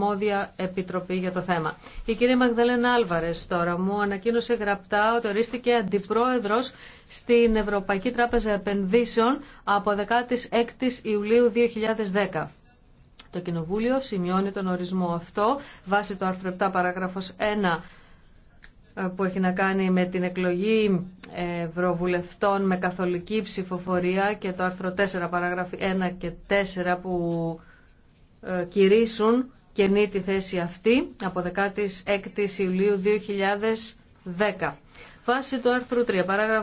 αρμόδια επιτροπή για το θέμα. Η κυρία Μαγδαλένα Άλβαρε τώρα μου ανακοίνωσε γραπτά ότι ορίστηκε αντιπρόεδρο στην Ευρωπαϊκή Τράπεζα Επενδύσεων από 16 Ιουλίου 2010. Το Κοινοβούλιο σημειώνει τον ορισμό αυτό βάσει το άρθρο 7 παράγραφος 1 ε, που έχει να κάνει με την εκλογή ε, ευρωβουλευτών με καθολική ψηφοφορία και το άρθρο 4 παράγραφοι 1 και 4 που ε, κηρύσουν καινή τη θέση αυτή από 16 Ιουλίου 2010. Βάσει του άρθρου 3, παράγραφο